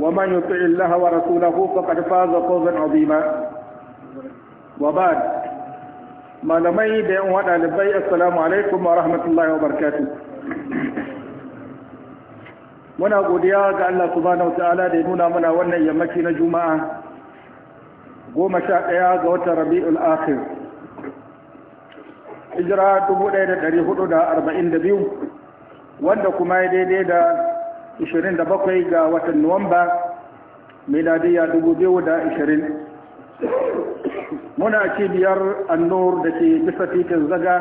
ومن يطع الله ورسوله فقد فاز فوزا عظيما وبعد malamai da yan wada libai assalamu alaikum wa rahmatullahi wa barakatu muna godiya ga Allah subhanahu ta'ala da ya nuna mana wannan yammaci na juma'a goma sha ɗaya ga watan rabi'ul akhir hijira 1442 wanda kuma ya daidai da 27 ga watan Nuwamba miladiyya 2020 muna cibiyar annur da ke bisa titin zaga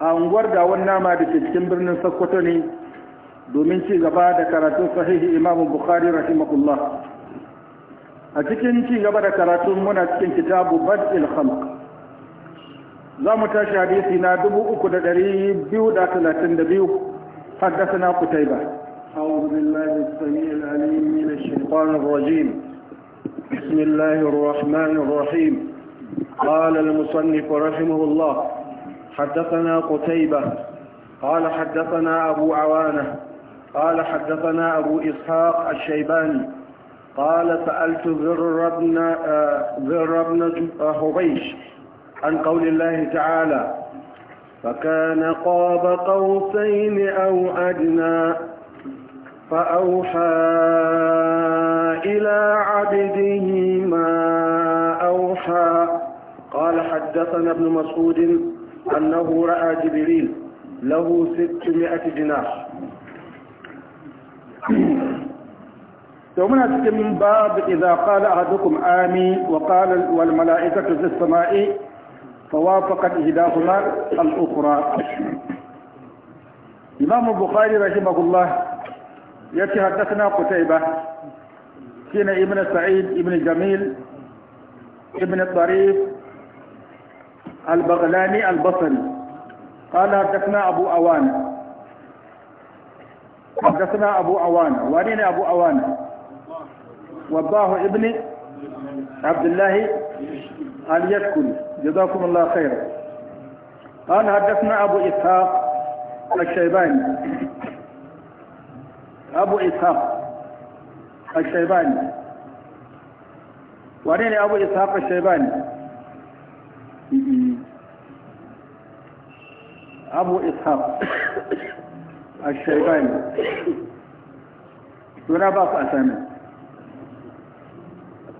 a unguwar da wani nama da ke cikin birnin sokoto ne domin ci gaba da karatun sahihi imamu bukhari rahimahullah a cikin ci gaba da karatun muna cikin kitabu il khalq za mu tashi hadisi na 3232 haddasa na ba. أعوذ بالله السميع العليم من الشيطان الرجيم بسم الله الرحمن الرحيم قال المصنف رحمه الله حدثنا قتيبة قال حدثنا أبو عوانة قال حدثنا أبو إسحاق الشيباني قال سألت ذر بن ذر بن حبيش عن قول الله تعالى فكان قاب قوسين أو أدنى فأوحى إلى عبده ما أوحى قال حدثنا ابن مسعود أنه رأى جبريل له ستمائة جناح ومن cikin باب إذا قال أحدكم آمين وقال والملائكة في السماء فوافقت إهداهما الأخرى إمام البخاري رحمه الله يأتي حدثنا قتيبة كنا ابن سعيد ابن جميل ابن الطريف البغلاني البصري قال حدثنا أبو أوان حدثنا أبو أوان وأنين أبو أوان وضاه ابن عبد الله اليشكري جزاكم الله خيرا قال حدثنا أبو إسحاق الشيباني أبو إسحاق الشيباني وريني أبو إسحاق الشيباني أبو إسحاق الشيباني ولا suna أسامي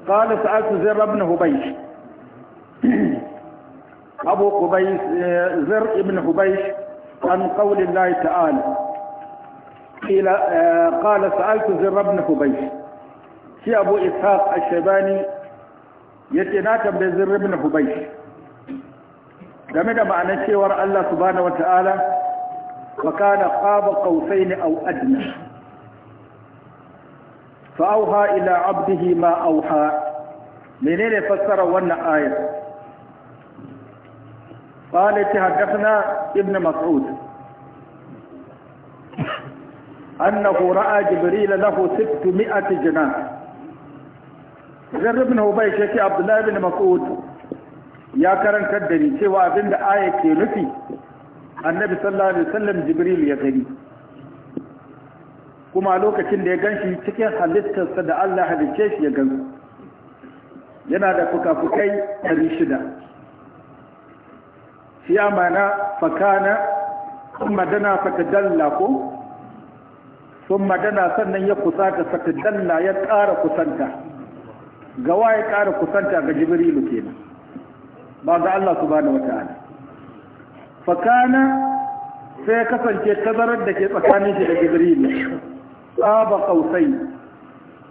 قال سألت زر بن هبيش أبو قبيس زر بن هبيش عن قول الله تعالى قيل قال سألت زر بن حبيش في أبو إسحاق الشيباني يتناك بزر بن حبيش game da ma'anar cewar Allah subhanahu wata'ala wa kana qaba qausain aw adna fa auha ila abdihi ma auha menene fassara wannan ayar قال حدثنا ابن مسعود أنه رأى جبريل له ستمائة جناح jarrabin hubai shi ke abdullahi bin mas'ud ya karantar da ni cewa abin da aya ke nufi annabi sallallahu alaihi wasallam jibril ya gani kuma lokacin da ya ganshi cikin halittarsa da Allah halicce shi ya gansu yana da fukafukai 600 shi amana fakana kuma dana fatadalla ko sun magana sannan ya kusata fatidalla ya ƙara kusanta gawa ya ƙara kusanta ga jibrilu kenan ba ga Allah subhanahu wata'ala fakana sai kasance tazarar da ke tsakanin shi da jibrilu tsaba kausai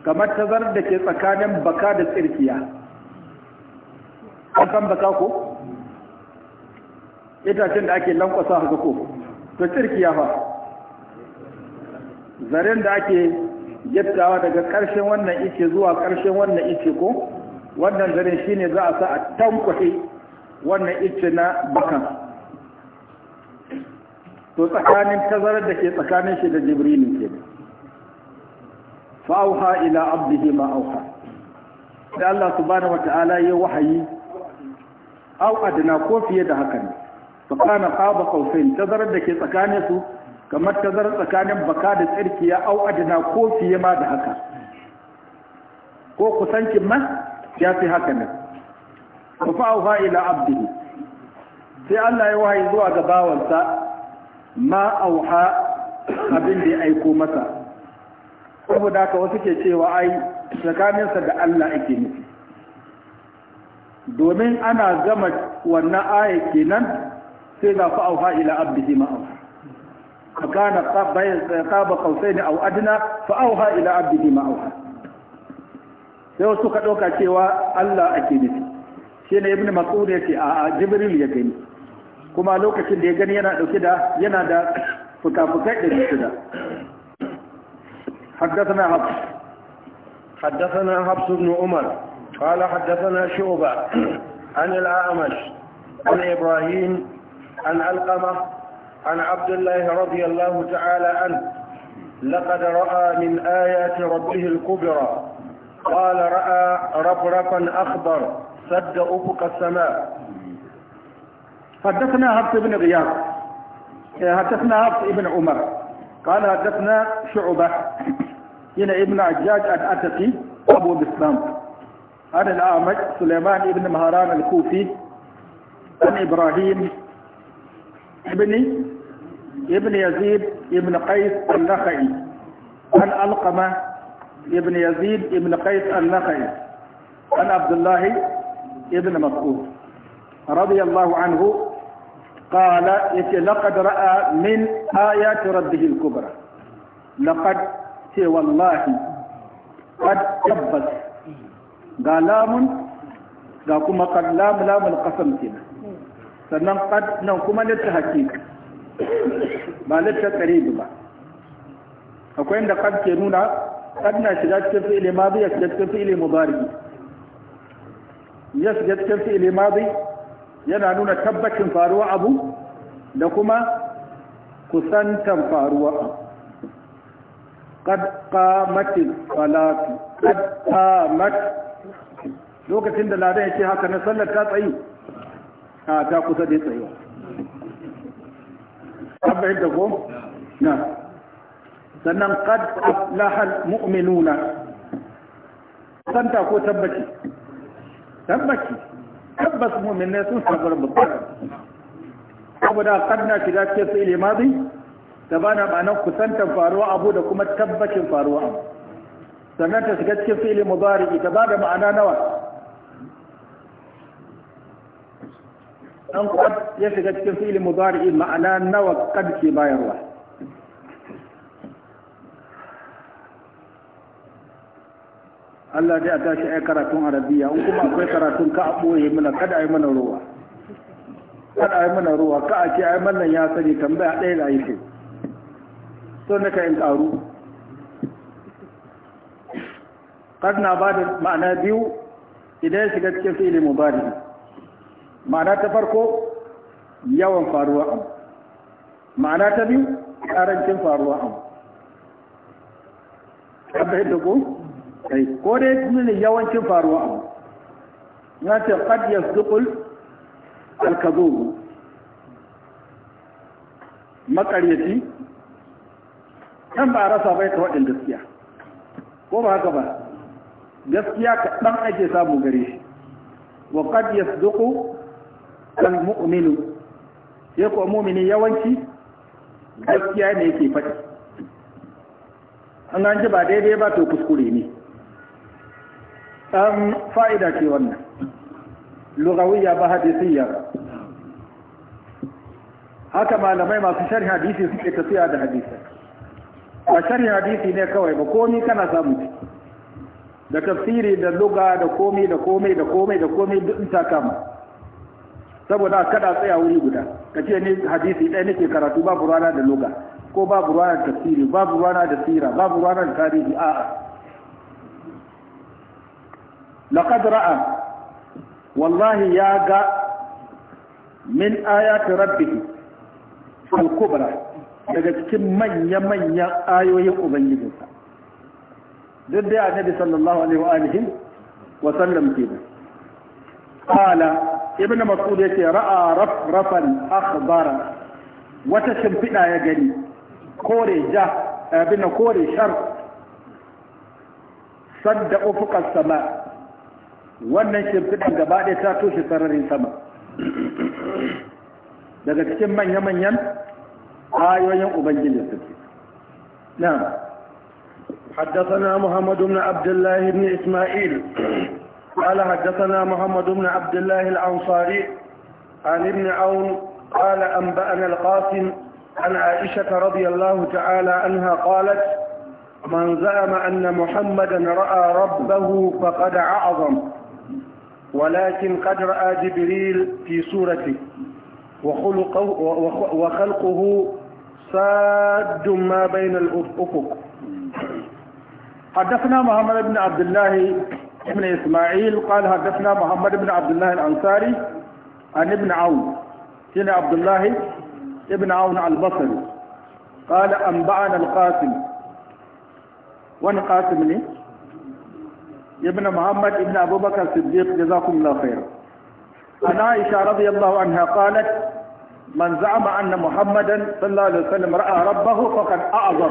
kamar tazarar da ke tsakanin baka da tsirkiya an san baka ko itacen da ake lankwasa haka ko to tsirkiya fa zaren da ake jettawa daga ƙarshen wannan ice zuwa ƙarshen wannan ice ko wannan zaren shine za a sa a tankwashe wannan ice na bakan to tsakanin tazarar da ke tsakanin shi da jibrilin ke fa'auha ila abdihi ma'auha auha sai Allah subhanahu wata'ala ya wahayi au adna ko fiye da haka ne tsakanin kana kawfin tazarar da ke tsakanin su kamar zara tsakanin baka da tsirkiya au adana ko fiye ma da haka ko kusancin ma ya fi haka ne. nan fa'auha ila abdihi sai Allah ya wahayi zuwa ga bawansa ma auha abin da ya aiko masa saboda haka wasu ke cewa ai tsakaninsa da Allah ake nufi domin ana gama wannan aya kenan sai za fa'auha ila abdihi ma'auha فكان قاب قوسين أو أدنى فأوها إلى عبده ما أوها sai wasu ɗauka cewa Allah ake nufi shi ne ibn mas'ud ya ce a jibril ya gani kuma lokacin da ya gani yana ɗauke da yana da fuka-fukai da shida حدثنا حفص حدثنا حفص بن عمر قال حدثنا شعبة عن الأعمش ibrahim, إبراهيم al علقمة عن عبد الله رضي الله تعالى عنه لقد رأى من آيات ربه الكبرى قال رأى ربرقا أخضر سد أفق السماء حدثنا عبد بن غياب حدثنا عبد بن عمر قال حدثنا شعبة هنا ابن عجاج الأتقي أبو الإسلام عن الأعمج سليمان بن مهران الكوفي عن إبراهيم ibn ibn ibn qais al-nakhai an alqama ibn yazid ibn qais al-nakhai an abdullah ibn mas'ud radiyallahu anhu قال لقد رأى من آيات ربه الكبرى لقد والله قد تبت قال لام قد لام لام القسم كنا sannan kad nan kuma litta haqiqa ba litta qarib ba akwai inda kad ke nuna kad na shiga cikin fi'ili madi ya shiga cikin fi'ili mudari ya shiga cikin fi'ili madi yana nuna tabbacin faruwa abu da kuma kusantan faruwa abu qad qamatil salatu qad qamat lokacin da ladan ce haka na sallar ta tsayi a ah, ta kusa da tsayuwa abin da ko na sannan qad aflahal mu'minuna santa ko tabbaci tabbaci tabbas mu'minai sun sabar babbar saboda qad na shiga cikin fi'il madi tabana ma'anar kusantar faruwa abu da kuma tabbacin faruwa abu sannan ta shiga cikin fili mudari ta ba da ma'ana nawa dan kwad ya shiga cikin fi'il mudari ma'ana nawa kad ke bayarwa Allah dai a tashi ai karatun arabiya in kuma akwai karatun ka a boye mana kada ai mana ruwa kada ai mana ruwa ka a ce ai mana ya sani tambaya ɗaya da yake so na in karu kad na ba da ma'ana biyu idan ya shiga cikin fi'il mudari ma'ana ta farko yawan faruwa abu ma'ana ta biyu karancin faruwa abu abin da ko kai ko dai tunanin yawancin faruwa abu na ce qad ya al alkazo makaryaci kan ba a rasa bai ta waɗin gaskiya ko ba haka ba gaskiya kaɗan ake samu gare shi wa qad yasduqu al-mu'minu sai ko mu'mini yawanci gaskiya ne yake faɗi an an ji ba daidai ba to kuskure ne an fa'ida ce wannan lugawiyya ba hadisiyya haka malamai masu sharhi hadisi suke tafiya da hadisi a sharhi hadisi ne kawai ba komi kana samu da tafsiri da luga da komai da komai da komai da komai duk ta kama saboda kada tsaya wuri guda ka ce ni hadisi ɗaya nake karatu babu rana da loga ko babu rana da tafsiri babu rana da sira babu rana da tarihi a'a laqad ra'a wallahi ya ga min ayati rabbih al-kubra daga cikin manya-manyan ayoyin ubangijinsa duk da annabi sallallahu alaihi wa alihi wa sallam ba qala ibn mas'ud yake ra'a rafrafan akhbara wata shimfida ya gani kore ja abin kore shar sadda ufuqas sama wannan shimfida gaba ɗaya ta toshe sararin sama daga cikin manya-manyan ayoyin ubangiji su na حدثنا محمد بن عبد الله بن إسماعيل قال حدثنا محمد بن عبد الله الأنصاري عن ابن عون قال أنبأنا القاسم عن عائشة رضي الله تعالى عنها قالت من زعم أن محمدا رأى ربه فقد أعظم ولكن قد رأى جبريل في سورته وخلقه, وخلقه ساد ما بين الأفق حدثنا محمد بن عبد الله ابن إسماعيل قال حدثنا محمد بن عبد الله الأنصاري عن ابن عون سنة عبد الله ابن عون البصري قال أنبعنا القاسم وين قاسم لي ابن محمد ابن أبو بكر الصديق جزاكم الله خيرا عن عائشة رضي الله عنها قالت من زعم أن محمدا صلى الله عليه وسلم رأى ربه فقد أعظم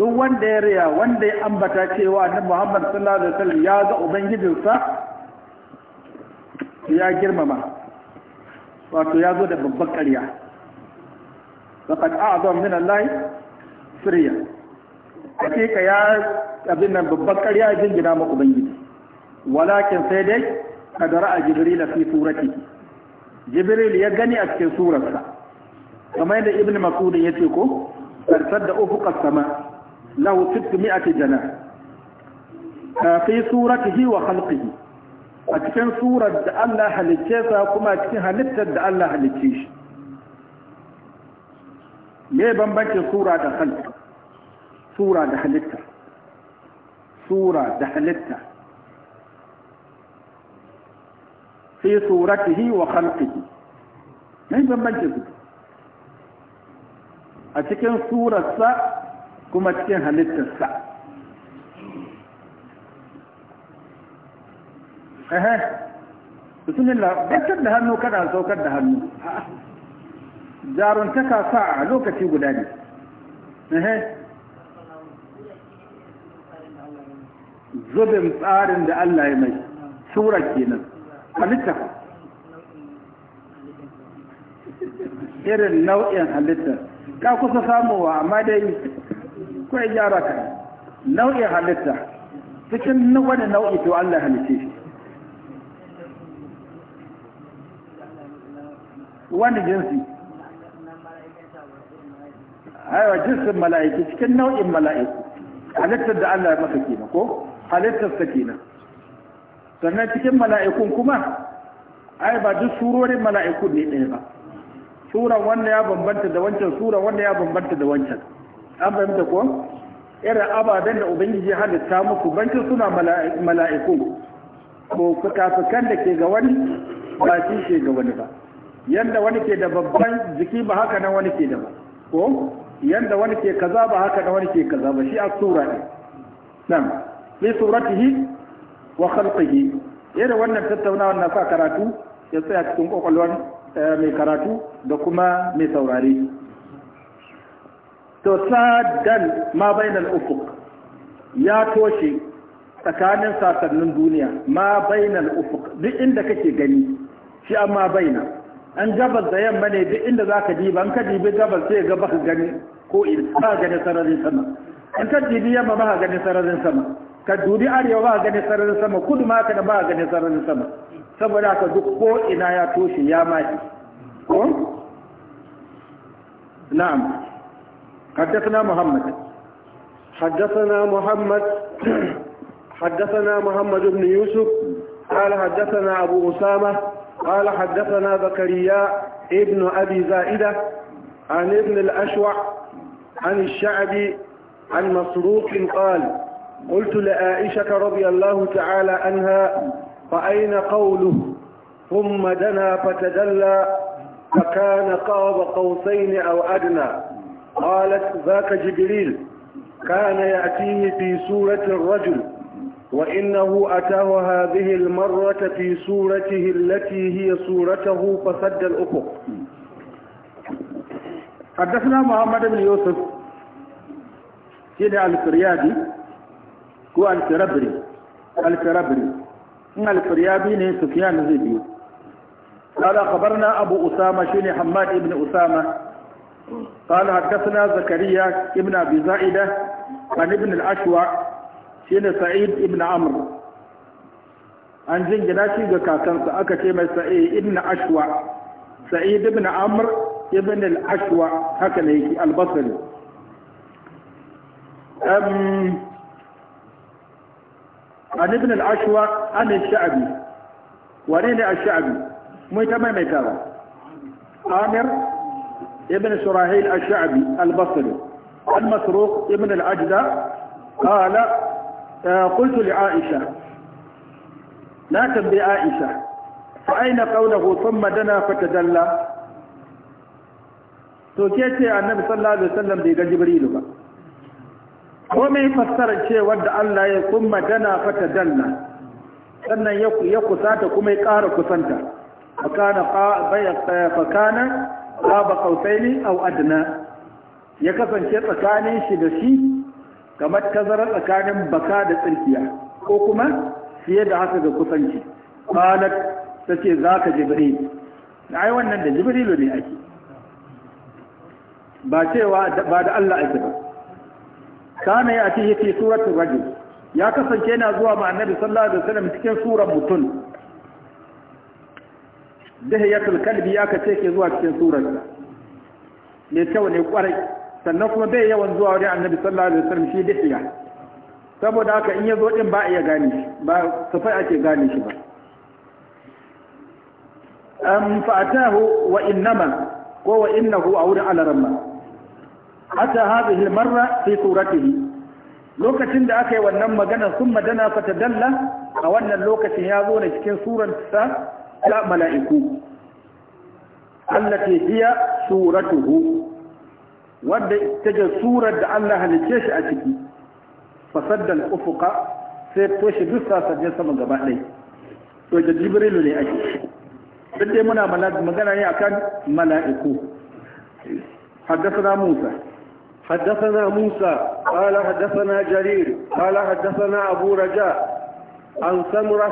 duk wanda ya riya wanda ya ambata cewa na Muhammad sallallahu alaihi wasallam ya ga ubangijinsa ya girmama wato ya zo da babban ƙarya faqad a'zam min Allah sirriya hakika ya abin nan babban ƙarya ya jingina maka ubangiji walakin sai dai kadara a jibril fi surati jibril ya gani a cikin surarsa kamar yadda ibn mas'ud ya ce ko karsar da ufuqas sama له 600 جناح في صورته وخلقه أتكن صورة الله هلتشيسا كما أتكن هلتة الله هلتشيش ليه بمبنك صورة ده خلق صورة ده هلتة صورة ده هلتة في صورته وخلقه ليه بمبنك صورة أتكن صورة kuma cikin halittarsa ehe bismillah bakar da hannu kada saukar da hannu jaruntaka sa a lokaci guda ne ehe zubin tsarin da Allah ya mai sura kenan halitta irin nau'in halitta ka kusa samowa amma dai ko ya gyara ka nau'in halitta cikin wani nau'i to Allah halitta shi wani jinsi aiwa jinsin mala'iku cikin nau'in mala'iku halittar da Allah ya masa kenan ko halittar sa kenan sannan cikin mala'ikun kuma ai ba duk surorin mala'iku ne ɗaya ba suran wanda ya bambanta da wancan suran wanda ya bambanta da wancan an mutu ko irin ababen da ubangiji halitta muku bankin suna mala'iku ko fuka da ke ga wani ba shi ke ga wani ba yadda wani ke da babban jiki ba haka nan wani ke da ba ko yadda wani ke kaza ba haka nan wani ke kaza ba shi a sura ne nan fi suratihi wa khalqihi irin wannan tattaunawa na sa karatu ya tsaya cikin kwakwalwar eh, mai karatu da kuma mai saurari. to sadan ma bainal ufuq ya toshe tsakanin sasannin duniya ma bainal ufuq duk inda kake gani shi amma baina an gabas da yamma ne duk inda zaka diba an ka dibi gabas sai ga baka gani ko in ka gani sararin sama an ka dibi yamma ba gani sararin sama ka dubi arewa ba gani sararin sama kudu ma ka ba ba gani sararin sama saboda ka duk ko ina ya toshe ya maki ko na'am حدثنا محمد حدثنا محمد حدثنا محمد بن يوسف قال حدثنا أبو أسامة قال حدثنا زكريا ابن أبي زائدة عن ابن الأشوع عن الشعبي عن مسروق قال قلت لعائشة رضي الله تعالى عنها فأين قوله ثم دنا فتدلى فكان قاب قوسين أو أدنى قالت ذاك جبريل كان يأتيه في سورة الرجل وإنه أتاه هذه المرة في سورته التي هي سورته فسد الأفق حدثنا محمد بن يوسف كده الفريادي هو الفربري الفربري إن الفريابي من سفيان الزيدي قال أخبرنا أبو أسامة شيني حماد بن أسامة قال حدثنا زكريا ابن أبي زائدة عن ابن الأشوع شين سعيد ابن عمرو an jingina shi ga kakansa aka ce mai sa'id ibn ashwa sa'id ibn amr ibn al-ashwa haka ne yake al-basri um an ne al-sha'bi mun ta maimaita ba amir ابن شراحيل الشعبي البصري عن مسروق ابن العجدة قال قلت لعائشة لا تبدي عائشة فأين قوله ثم دنا فتدلى توكيتي النبي صلى الله عليه وسلم بيقى جبريل بقى ko mai fassara ce wadda Allah ya kuma dana fata danna sannan ya kusata kuma ya ƙara kusanta fakana raba kausaini au adna ya kasance tsakanin shi da shi kamar tazara tsakanin baka da tsirkiya ko kuma fiye da haka ga kusanci ce za ka zaka Na ai wannan da jibrilu ne ake ba cewa ba da Allah ake ba kana ya ce yake suratun rajin ya kasance yana zuwa ma annabi sallallahu alaihi wasallam cikin suran mutum dahiyatul kalbi ya kace ke zuwa cikin surarsa ne kyau ne kwarai sannan kuma bai yawan zuwa wurin annabi sallallahu alaihi wasallam shi dahiya saboda haka in ya zo din ba iya gane shi ba sufai ake gane shi ba am fa'atahu wa innama ko wa innahu a wurin alaramma hatta hadhihi marra fi suratihi lokacin da aka yi wannan magana sun madana fatadalla a wannan lokacin ya zo ne cikin surarsa ta mala'iku allati hiya suratuhu wadda take surar da Allah halice shi a ciki fasaddal ufuqa sai toshe duk sassaje sama gaba ɗaya to da jibrilu ne ake duk dai muna magana ne akan mala'iku حدثنا موسى حدثنا موسى قال حدثنا جرير قال حدثنا أبو رجاء عن سمرة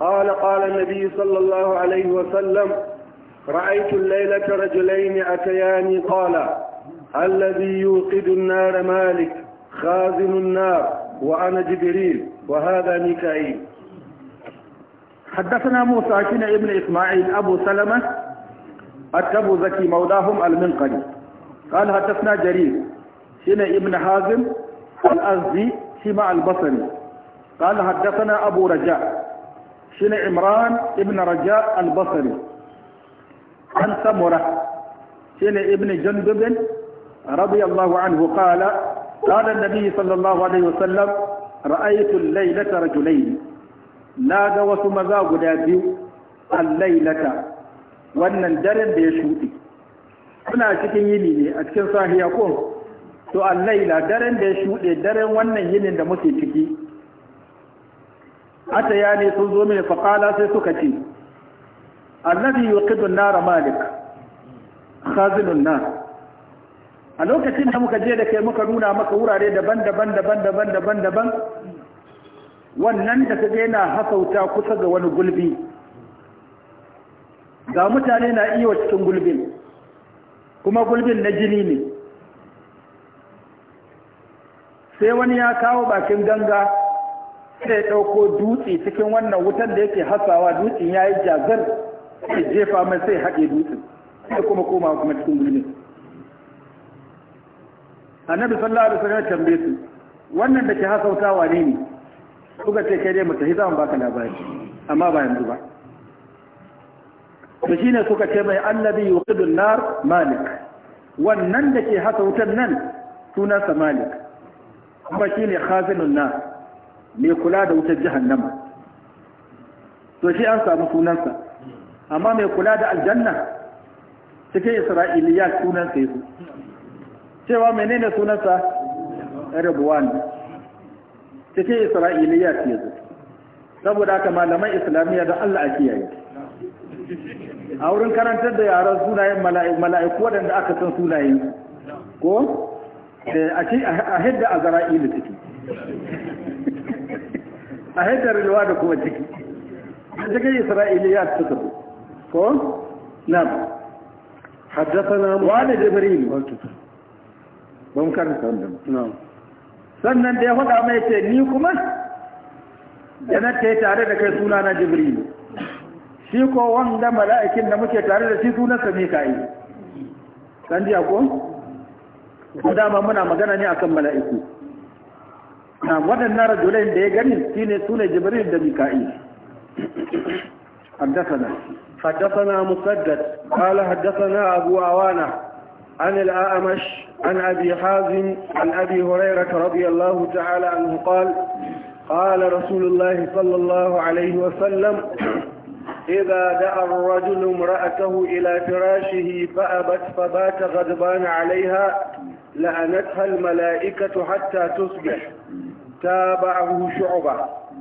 قال قال النبي صلى الله عليه وسلم رأيت الليلة رجلين أتياني قال الذي يوقد النار مالك خازن النار وأنا جبريل وهذا ميكائيل حدثنا موسى كنا ابن إسماعيل أبو سلمة التبو زكي مولاهم المنقري قال حدثنا جرير كن ابن حازم الأزدي سمع البصري قال حدثنا أبو رجاء shi ne ibn raja al-basri an samura shi ne ibn jandubin radiyallahu anhu qala qala nabi sallallahu alaihi wasallam ra'aytu na ga wasu maza guda biyu al-laylata wannan daren da ya shuɗe suna cikin yini ne a cikin sahiya ko to al-layla daren da ya shuɗe daren wannan yinin da muke ciki ata ya ne sun zo mini faƙala sai suka ce annabi wa kidun nara malik khazinun nar a lokacin da muka je da kai muka nuna maka wurare daban-daban daban-daban daban-daban wannan da kaga na hasauta kusa ga wani gulbi ga mutane na iya cikin gulbin kuma gulbin na jini ne sai wani ya kawo bakin ganga sai ɗauko dutse cikin wannan wutan da yake hasawa dutsen ya yi jazar sai jefa mai sai haɗe dutsen sai kuma koma kuma cikin gulmi annabi sallallahu alaihi wasallam tambaye su wannan da ke hasauta wane ne suka ce kai dai mu tafi za baka labari amma ba yanzu ba to shine suka ce mai annabi yuqidun nar malik wannan da ke hasa wutan nan sunansa malik kuma shine khazinun nar mai kula da wutar jihannama. to shi an samu sunansa amma mai kula da aljanna cikin isra'iliya sunansa yazo cewa menene sunansa rabuwan cikin isra'iliya zo. saboda haka malaman islamiyya da Allah a kiyaye a wurin karantar da yaran sunayen mala'iku waɗanda aka san sunayen ko eh, a ce a hidda a zara'ilu ciki a haifar ruwa da kuma ciki A cikin isra'iliya su tafi ko na haddasana wa da jibril ban karanta na sannan da ya faɗa mai ce ni kuma da na ta tare da kai suna na jibril shi ko wanda mala'ikin da muke tare da shi suna sami mika'il kan ji ko? ko dama muna magana ne akan mala'iku waɗannan rajulai da ya gani shi ne sune jibril a mika'i haddasana haddasana musaddad qala haddasana abu awana an al-a'mash an abi hazim an abi huraira radiyallahu ta'ala anhu qala qala rasulullahi sallallahu alayhi wa sallam إذا دعا الرجل امرأته إلى فراشه فأبت فبات غضبان عليها لعنتها الملائكة حتى تصبح تابعه شعبة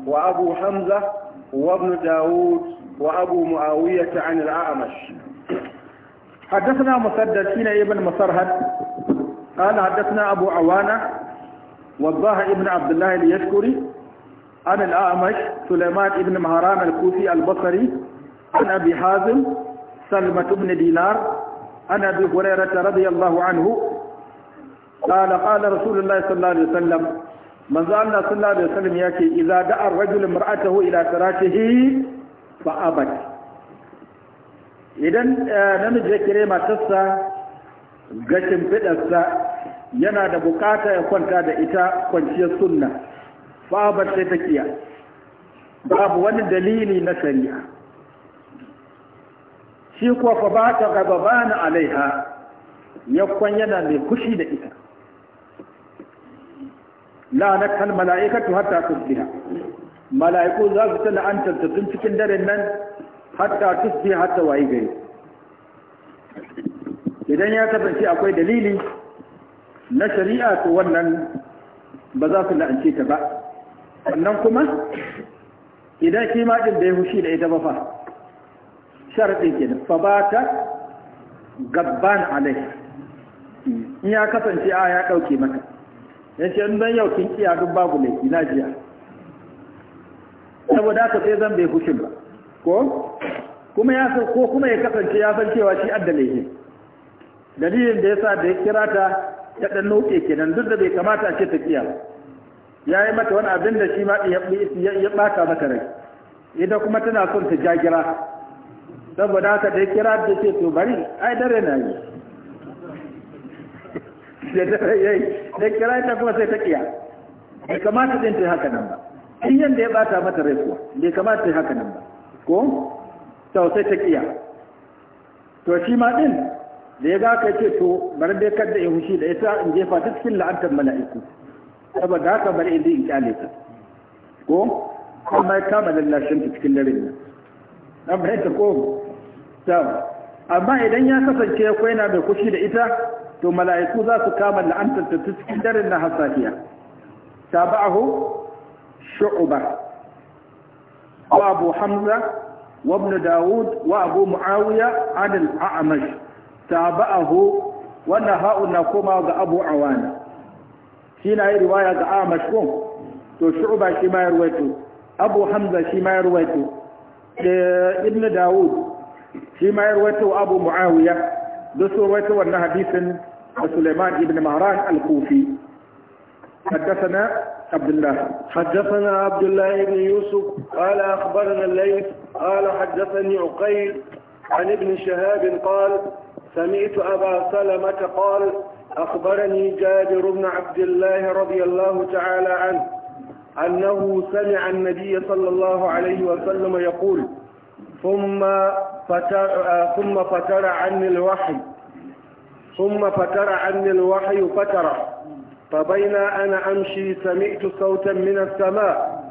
وأبو حمزة وابن داود وأبو معاوية عن الأعمش حدثنا مسدد حين ابن مسرهد قال حدثنا أبو عوانة وضاه ابن عبد الله اليشكري عن الأعمش سليمان ابن مهران الكوفي البصري عن أبي حازم سلمة بن دينار عن أبي هريرة رضي الله عنه قال قال رسول الله صلى الله عليه وسلم من زال الله صلى الله عليه وسلم يأتي إذا دعا الرجل امرأته إلى فراشه فأبت إذن نمج كريمة تسا yana da bukata ya kwanta da ita kwanciyar sunna babu sai ta kiya babu wani dalili na shari'a shi kuwa ba ta gababana alaiha ya yana mai kushi da ita la'anat hal mala'ikatu hatta tusbiha mala'iku za su ta la'antar ta tun cikin daren nan hatta tusbiha hatta wayi gari idan ya tabbaci akwai dalili na shari'a to wannan ba za su la'ance ta ba sannan kuma idan shi din da ya hushi da ita ba fa sharadin ke da fa ba ta gabban alai in ya kasance a ya ɗauke maka. ya ce ɗan yau kin iya duk babu ne na jiya saboda haka sai zan bai fushin ba ko kuma ya san ko kuma ya kasance ya san cewa shi adda laifi dalilin da yasa da ya kira ta ta dan kenan duk da bai kamata a ce ta kiya ya yi mata wani abin da shi ma ya bata mata rai ita kuma tana son ta jagira saboda haka da ya kira ta ce to bari ai dare na yi da kira ta kuma sai ta kiya bai kamata din ta haka nan ba in yadda ya bata mata rai kuwa bai kamata ta haka nan ba ko tau sai ta kiya to shi ma din da ya ga ka ce to bari dai kada in hushi da ita in jefa ta cikin la'antar mala'iku saboda haka bari in ji in kyale ta ko amma ya kama lallashin ta cikin dare ne amma ita ko ta amma idan ya kasance akwai na mai kushi da ita to mala'iku za su kama la'antar ta cikin darin na hasafiya tabahu shu'ba wa abu hamza wa abu dawud wa abu muawiya ta ba a hu wanda ha’un na koma ga abu awana shi na yi riwaya ga a'mash ko to shu'ba shi ma yarwaito. abu hamza shi ma yarwaito. da eh, ibn dawud shi ma yarwaito abu muawiya دسو ويت حديث سليمان بن مهران الكوفي حدثنا عبد الله حدثنا عبد الله بن يوسف قال أخبرنا الليث قال حدثني عقيل عن ابن شهاب قال سمعت أبا سلمة قال أخبرني جابر بن عبد الله رضي الله تعالى عنه أنه سمع النبي صلى الله عليه وسلم يقول ثم فتر آه، ثم فتر عني الوحي ثم فتر عني الوحي فترة فبين أنا أمشي سمعت صوتا من السماء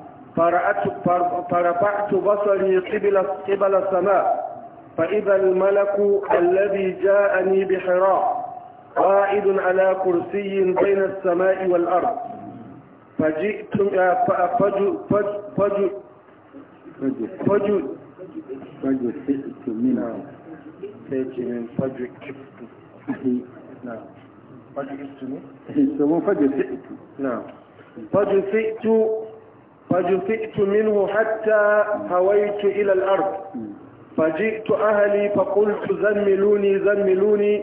فرفعت بصري قبل قبل السماء فإذا الملك الذي جاءني بحراء قائد على كرسي بين السماء والأرض فجئت آه، فجئت فجئت فجئت فجر منه نعم. من فجر نعم. نعم فجر فجر نعم فجر فجفئت منه حتى هويت إلى الأرض فجئت أهلي فقلت زملوني زملوني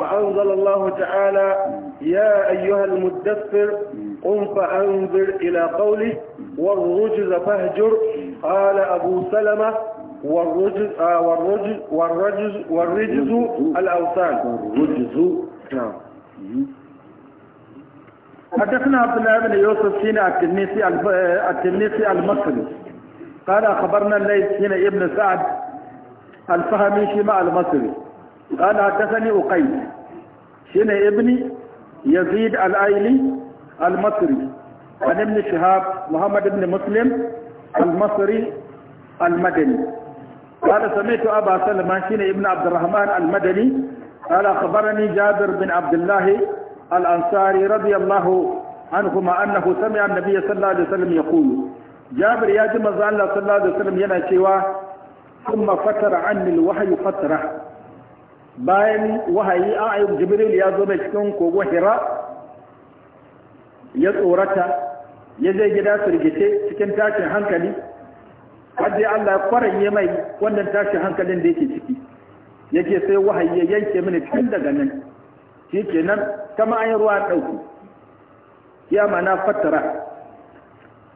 فأنزل الله تعالى يا أيها المدثر قم فأنظر إلى قوله والرجز فاهجر قال أبو سلمة والرجز آه، والرجز والرجز والرجز الأوثان والرجز نعم حدثنا عبد الله بن يوسف سينا التلميسي التلميسي آه، المصري قال أخبرنا الليث سينا ابن سعد الفهمي شيماء المصري قال حدثني اقيم سينا ابن يزيد الأيلي المصري عن ابن شهاب محمد بن مسلم المصري المدني قال سمعت أبا سلمة شين ابن عبد الرحمن المدني قال أخبرني جابر بن عبد الله الأنصاري رضي الله عنهما أنه سمع النبي صلى الله عليه وسلم يقول جابر يا جماعة الله صلى الله عليه وسلم ينا شوى ثم فتر عني الوحي فترة bayan wahayi a ayyub jibril ya zo mai cikin kogo hira ya tsorata ya je gida firgice cikin tashin hankali har dai Allah ya mai wannan tashin hankalin da yake ciki yake sai wahayi ya yanke mini tun daga nan shi kenan kama ta yi ruwa ɗauki kiyama na fattara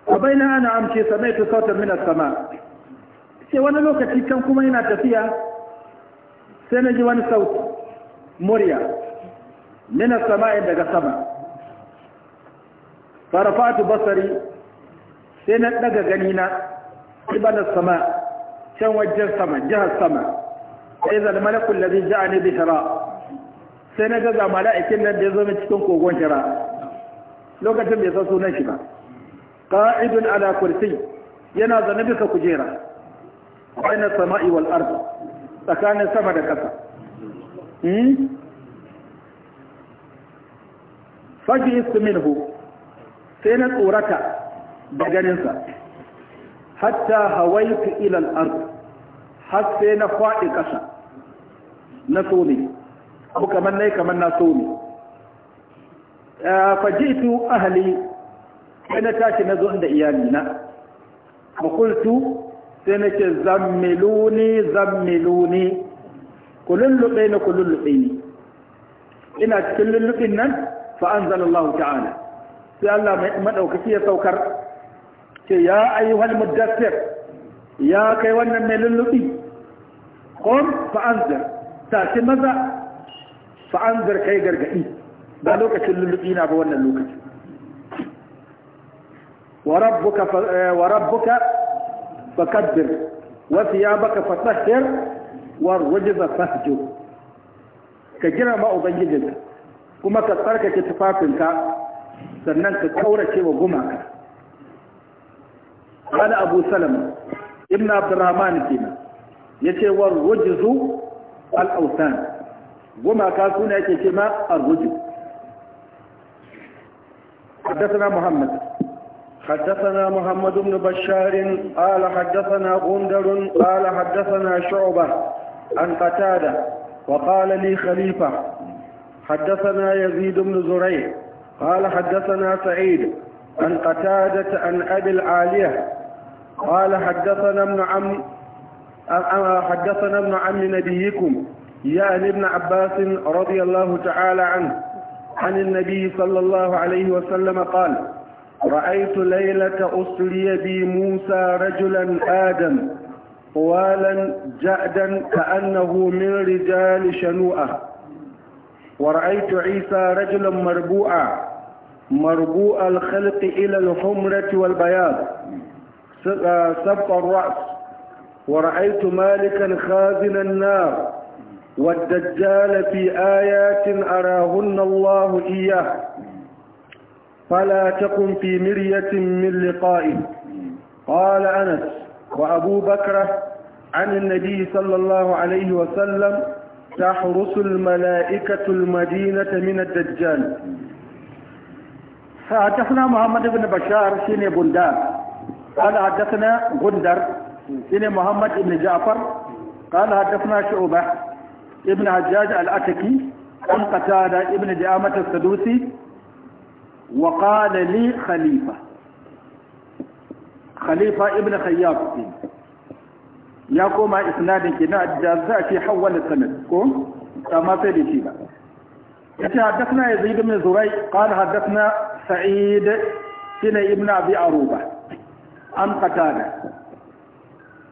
a baina ana amce sanai ta sautar mina sama sai wani lokaci kan kuma yana tafiya sai na ji wani sauti murya mina sama daga sama farafatu basari sai na ɗaga ganina qibala sama can wajen sama jihar sama sai zal malakul ladhi ne bi shara. sai na ga mala'ikin nan da ya zo min cikin kogon shara. lokacin bai san sunan shi ba Ƙa'idun ala yana zane bisa kujera bayna sama'i wal ard tsakanin sama da ƙasa faji istu sai na tsorata da ganinsa hatta hawaitu ila al-ard har sai na faɗi ƙasa na so ko kamar nai kamar na so ne fajitu ahli sai na tashi na zo inda iyalina ba kultu sai na ce zammiluni zammiluni ku lullube ni ku lullube ni ina cikin lullubin nan fa anzala Allah ta'ala sai Allah madaukaki ya saukar ce ya ayyuhal muddassir ya kai wannan mai lullubi qum fa'anzir tashi maza fa'anzir kai gargadi ba lokacin lullubi na ba wannan lokaci wa rabbuka wa rabbuka fakabbir wa thiyabaka fatahhir wa rujza fahjur ka girma ubangijinka kuma ka tsarkake tufafinka sannan ka kaurace wa gumaka قال أبو سلمة ابن عبد الرحمن كينا يتي والرجز الأوثان وما كاكونا يتي كما الرجز حدثنا محمد حدثنا محمد بن بشار قال حدثنا غندر قال حدثنا شعبة عن قتادة وقال لي خليفة حدثنا يزيد بن زريع قال حدثنا سعيد عن قتادة عن أبي العالية قال حدثنا ابن عم حدثنا ابن عم نبيكم يعني ابن عباس رضي الله تعالى عنه عن النبي صلى الله عليه وسلم قال رأيت ليلة أسري بي موسى رجلا آدم طوالا جأدا كأنه من رجال شنوءة ورأيت عيسى رجلا مربوعا مربوع الخلق إلى الحمرة والبياض آه، سبط الرأس ورأيت مالكا خازن النار والدجال في آيات أراهن الله إياه فلا تكن في مرية من لقائه قال أنس وأبو بكر عن النبي صلى الله عليه وسلم تحرس الملائكة المدينة من الدجال فأتحنا محمد بن بشار سيني بندان قال حدثنا غندر بن محمد بن جعفر قال حدثنا شعبة ابن حجاج الأتكي عن قتادة ابن دعامة السدوسي وقال لي خليفة خليفة ابن خياب يقوم إسناد كنا الجزاء في حول السند كون كما في الشيبة حدثنا يزيد بن زريق قال حدثنا سعيد ابن أبي عروبة an da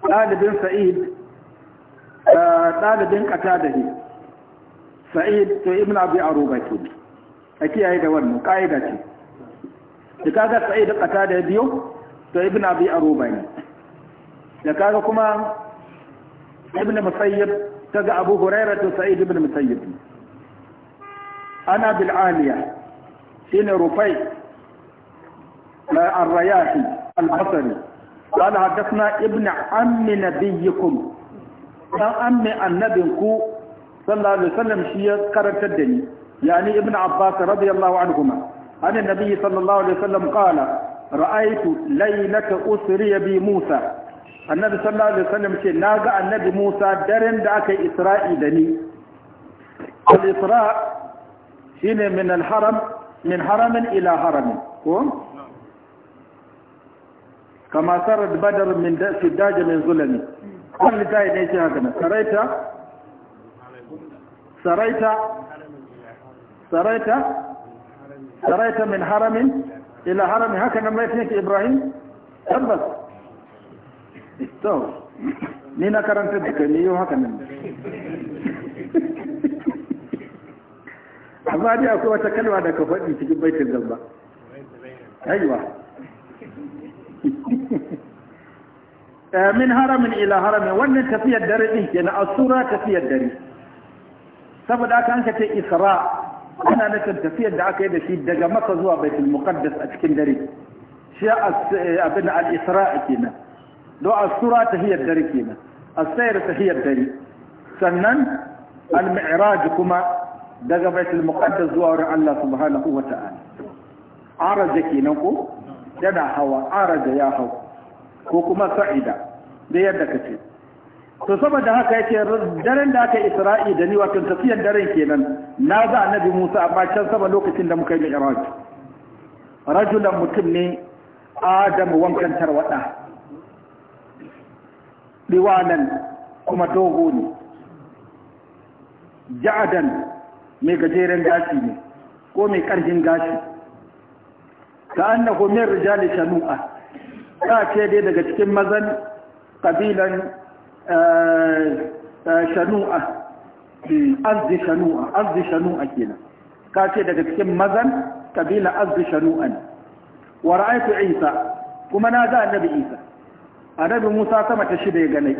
ɗalibin sa'id eh, ɗalibin da ne sa'id to ibn a roba ke a kiyaye da wannan ƙa'ida ce da kaga sa'id da biyu to ibn a roba ne da kaga kuma ibn musayyib ga abu huraira to sa'id ibn musayyib ana bil shine rufai الرياحي eh, البصري قال حدثنا ابن عم نبيكم كان عم النبيكم صلى الله عليه وسلم شيء قرأت الدني يعني ابن عباس رضي الله عنهما عن النبي صلى الله عليه وسلم قال رأيت ليلة أسري بموسى النبي صلى الله عليه وسلم شيء ناقع النبي موسى درن دعك إسرائي دني الإسراء شيء من الحرم من حرم إلى حرم kama sarar badar min fi daji min zulami wani littafi ne shi haka na saraita saraita saraita saraita min haramin ila haramin haka nan mai yake ibrahim tabbas to ni na karanta duka ni yau haka nan amma dai akwai wata kalma da ka faɗi cikin baitin zamba aiwa آه، من هرم إلى هرم وان تفي الدري إيه؟ يعني الصورة تفي الدري سبدا كان كتي إسراء أنا نسل تفي الدعاء إذا شيء دقا ما تزوى بيت المقدس أتكين دري شيء آه، أبن الإسراء كينا دو الصورة هي الدري كينا السيرة هي الدري سنن المعراج كما دقا بيت المقدس زوار الله سبحانه وتعالى عرجك نقول yana hawa araja ya hau ko kuma sa'ida da yadda ka ce to saboda haka yake daren da aka isra'i da ni wato tafiyar daren kenan na za annabi musa amma can sama lokacin da muka yi mi'raj rajulan mutum ne adamu wankan tarwada liwanan kuma dogo ne ja'adan mai gajeren gashi ne ko mai karhin gashi ka annahu min rijali shanu'a ka ce dai daga cikin mazan ƙabilan eh, eh, shanu'a azzi shanu'a azzi shanu'a kenan ka ce daga cikin mazan kabila azzi shanu'a ne. wa ra'aytu isa kuma na ga annabi isa annabi musa sama ta shida ya ganai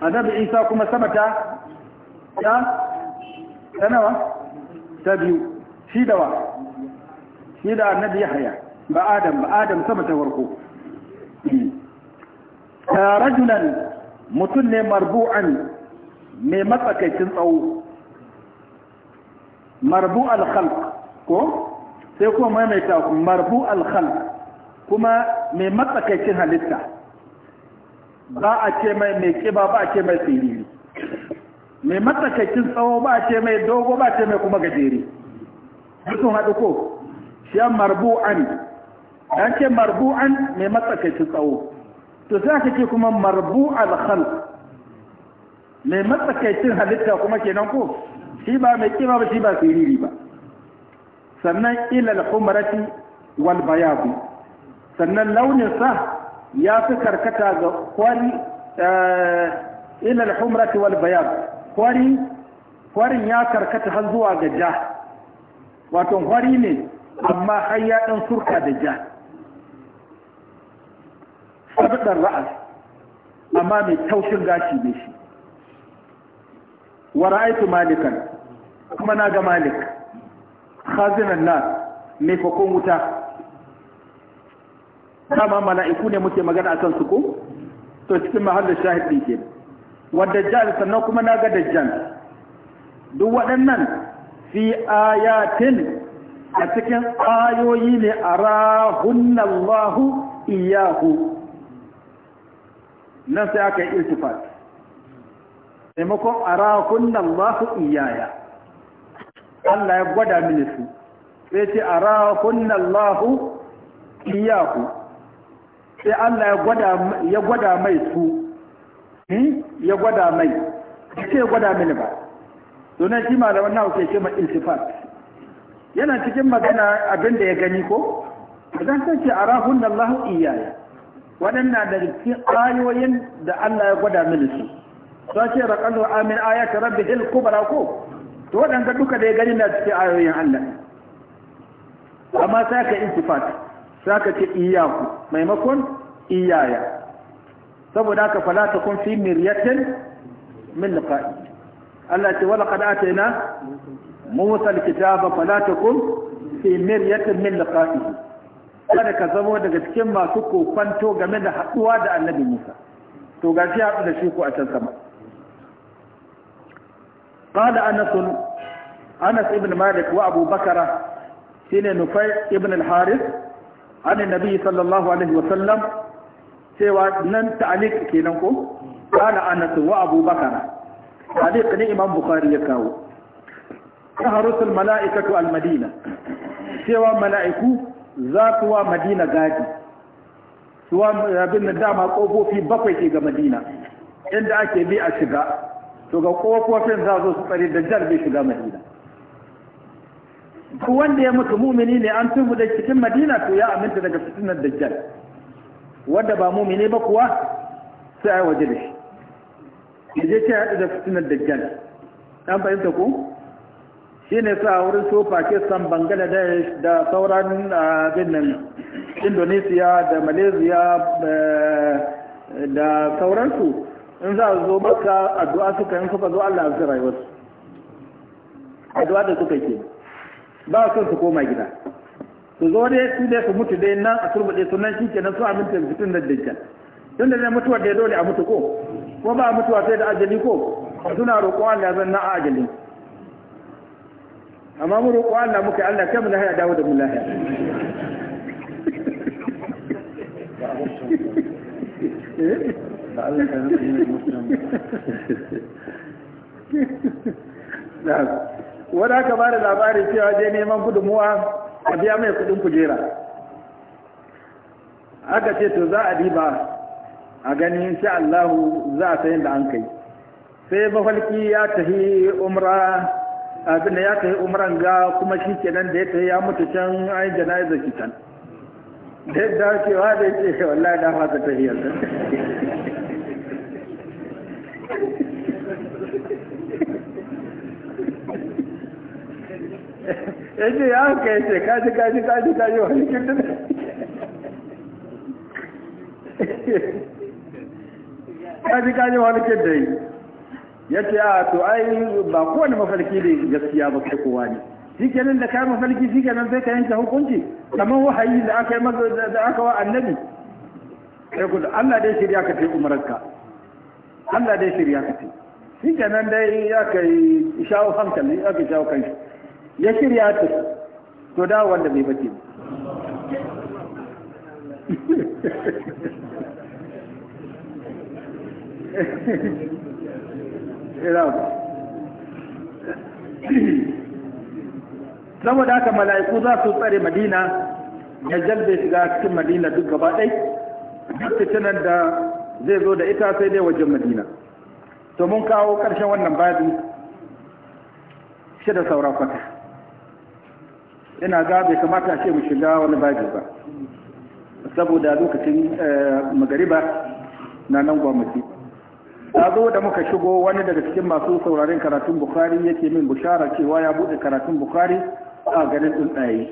annabi isa kuma sama ta ya nawa? ta biyu shi da wa shi da annabi haya. ba adam ba adam sama ta farko rajulan mutum ne marbu'an mai matsakaicin tsawo marbu al-khalq ko sai kuma maimaita marbu al-khalq kuma mai matsakaicin halitta ba a ce mai mai kiba ba a ce mai tsiriri mai matsakaicin tsawo ba a ce mai dogo ba a ce mai kuma gajere mutum haɗu ko shi marbu'an an ce marbu'an mai matsakaicin tsawo to sai aka ce kuma marbu'al khalq mai matsakaicin halitta kuma kenan ko shi ba mai kima ba shi ba siriri ba sannan ilal humrati wal bayad sannan launin sa ya fi karkata ga kwari eh, ilal humrati wal bayad kwari kwarin ya karkata har zuwa ga ja wato kwari ne amma har ya dan surka da ja faɗaɗar ra'as amma mai taushin gashi ne shi wa ra'aitu malikan kuma na ga malik khazinan na mai fakon wuta kama mala'iku ne muke magana a su ko to cikin mahallin shahid din ke wa dajjal sannan kuma na ga dajjal duk waɗannan fi ayatin a cikin ayoyi ne a rahunallahu iyahu nan sai aka yi iltifat taimakon ara kunna Allahu iyaya Allah ya gwada mini su sai ce ara kunna Allahu iyaku sai Allah ya gwada ya gwada mai su hmm? ya gwada mai sai gwada mini ba donan shi malaman nawa ke ce ma iltifat yana cikin magana abinda ya gani ko ba zan ce ara kunna Allahu iyaya waɗanda da cikin ayoyin da Allah ya gwada mini su ta ce raƙar zuwa min ayata rabbi hil kubra ko to waɗanda duka da ya gani na cikin ayoyin Allah amma sai ka intifat sai ka ce iyaku maimakon iyaya saboda haka fala ta kun fi miryatin min liqa'i Allah ce wala qad atayna Musa al-kitaba fala kun fi miryatin min liqa'i kada ka zamo daga cikin masu kokwanto game da haɗuwa da annabi Musa to ga shi haɗu da shi ko a can sama qala anas anas ibn malik wa abu bakara shine nufai ibn al-harith an annabi sallallahu alaihi wa sallam cewa nan ta'liq kenan ko qala anas wa abu bakara ta'liq ne imam bukhari ya kawo taharusul mala'ikatu al-madina cewa mala'iku za su wa madina gadi su wa abin da dama kofofi bakwai ke ga madina inda ake bi a shiga to ga kofofin za zo su tsare da jar bai shiga madina ku wanda ya mutu mumini ne an tuhu da cikin madina to ya aminta daga fitinar dajjal wanda ba mumini ba kuwa sai ai waje da shi ya je ce ya haɗu da fitinar dajjal dan fahimta ko shine sa wurin su Pakistan Bangladesh da sauran abin nan Indonesia da Malaysia e, da sauransu in za zo maka addu'a suka yin suka zo Allah ya rayuwarsu addu'a da suka ke ba son su koma gida su zo ne su ne su mutu dai nan a turbaɗe su nan shike nan su aminta fitin da dajjal tun da ne mutuwar dai dole a mutu ko ko ba mutuwa sai da ajali ko suna roƙon Allah zan na ajali amma mu roƙo Allah muka Allah kai mu lahiya dawo da mu lahiya wadda aka ba da labarin cewa je neman gudunmuwa a biya mai kudin kujera aka ce to za a diba a gani insha Allahu za a sayin da an kai sai mafalki ya tafi umra abin da ya kai umran ga kuma shi kenan da ya kai ya mutu can ai janaiza ki can da ya dacewa da ya ce wallahi da fata ta hiyar ya ce ya haka ya ce kaji kaji kaji kaji wani kirtin kaji kaji wani kirtin ya a to ai ba kowane mafarki ne gaskiya ba kai kowa ne shi kenan da kai mafarki shi kenan sai ka yanke hukunci kamar wahayi da aka yi masa da aka wa annabi sai ku Allah dai shirya ka tai umarka Allah dai shirya ka tai shi kenan dai ya kai shawo hankali ya kai shawo kanshi ya shirya ta to da wanda bai bace ba saboda haka mala'iku za su tsare madina ya jalbe shiga cikin madina duk gaba ɗai duk da zai zo da ita sai dai wajen madina to mun kawo ƙarshen wannan babi shida sauran kwata ina ga bai kamata ce mu shiga wani babi ba saboda lokacin eh, magariba na nan gwamnati ta zo da muka shigo wani daga cikin masu sauraren karatun bukari yake min bushara cewa ya buɗe karatun bukari a garin tsuntsaye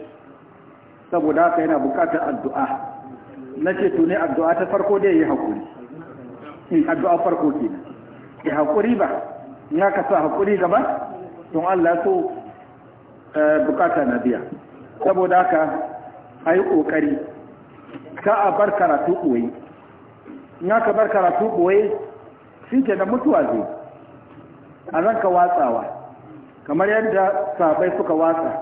saboda haka yana buƙatar addu'a na ce to ne addu'a ta farko dai ya haƙuri in addu'a farko ke ya haƙuri ba ya ka sa haƙuri gaba don Allah so eh, bukata na biya saboda haka a yi ƙoƙari ka a bar karatu ɓoye in ka bar karatu ɓoye shi ke da mutuwa zai a ranka watsawa kamar yadda sabai suka watsa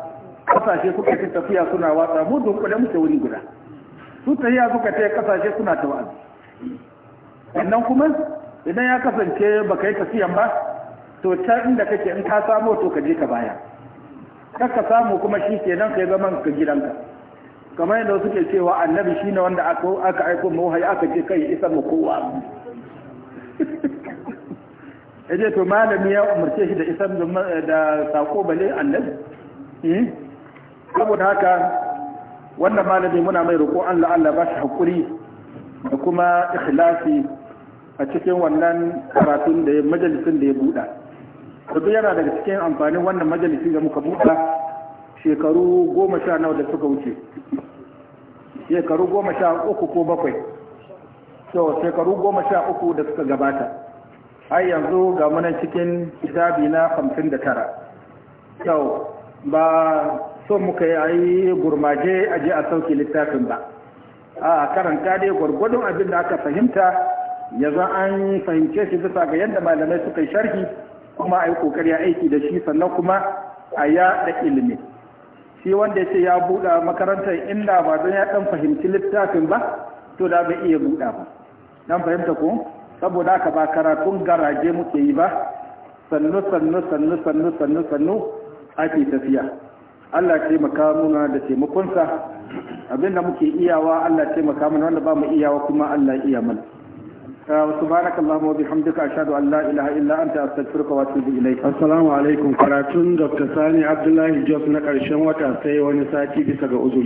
kasashe suka fi tafiya suna watsa mu dunkule muke wuri guda su tafiya suka ce kasashe suna ta wa'azi kuma idan ya kasance baka yi tafiyan ba to ta inda kake in ka samu to ka je ka baya kar ka samu kuma shi ke ka yi zaman ka gidanka kamar yadda suke cewa annabi shine wanda aka aiko mu aka je kai isa mu kowa ya je to malami ya umarce shi da isar da sako bale annabi eh? saboda haka wannan malami muna mai roƙo Allah Allah ba shi haƙuri da kuma ikhlasi a cikin wannan karatun da ya majalisin da ya buɗa duk yana daga cikin amfanin wannan majalisin da muka buɗa shekaru goma sha nawa da suka wuce shekaru goma sha uku ko bakwai to shekaru goma sha uku da suka gabata har yanzu ga muna cikin kitabi na 59 yau ba so muka yi ayi gurmaje a je a sauke littafin ba a karanta dai gwargwadon abin da aka fahimta ya za an fahimce shi bisa ga yadda malamai suka yi sharhi kuma a yi kokari a aiki da shi sannan kuma a da ilimi shi wanda ya ce ya buɗa makarantar inda ba don ya ɗan fahimci littafin ba to da bai iya buɗa ba dan fahimta ko saboda haka ba karatun garaje muke yi ba sannu sannu sannu sannu sannu sannu ake tafiya Allah ce makamuna da taimakonsa abinda muke iyawa Allah ce makamuna wanda ba mu iyawa kuma Allah iya mana سبحانك اللهم وبحمدك أشهد أن لا إله إلا أنت أستغفرك وأتوب إليك السلام عليكم قراتون دكتور ثاني عبد الله جوف نكرشن wata, sai wani sati bisa ga uzuri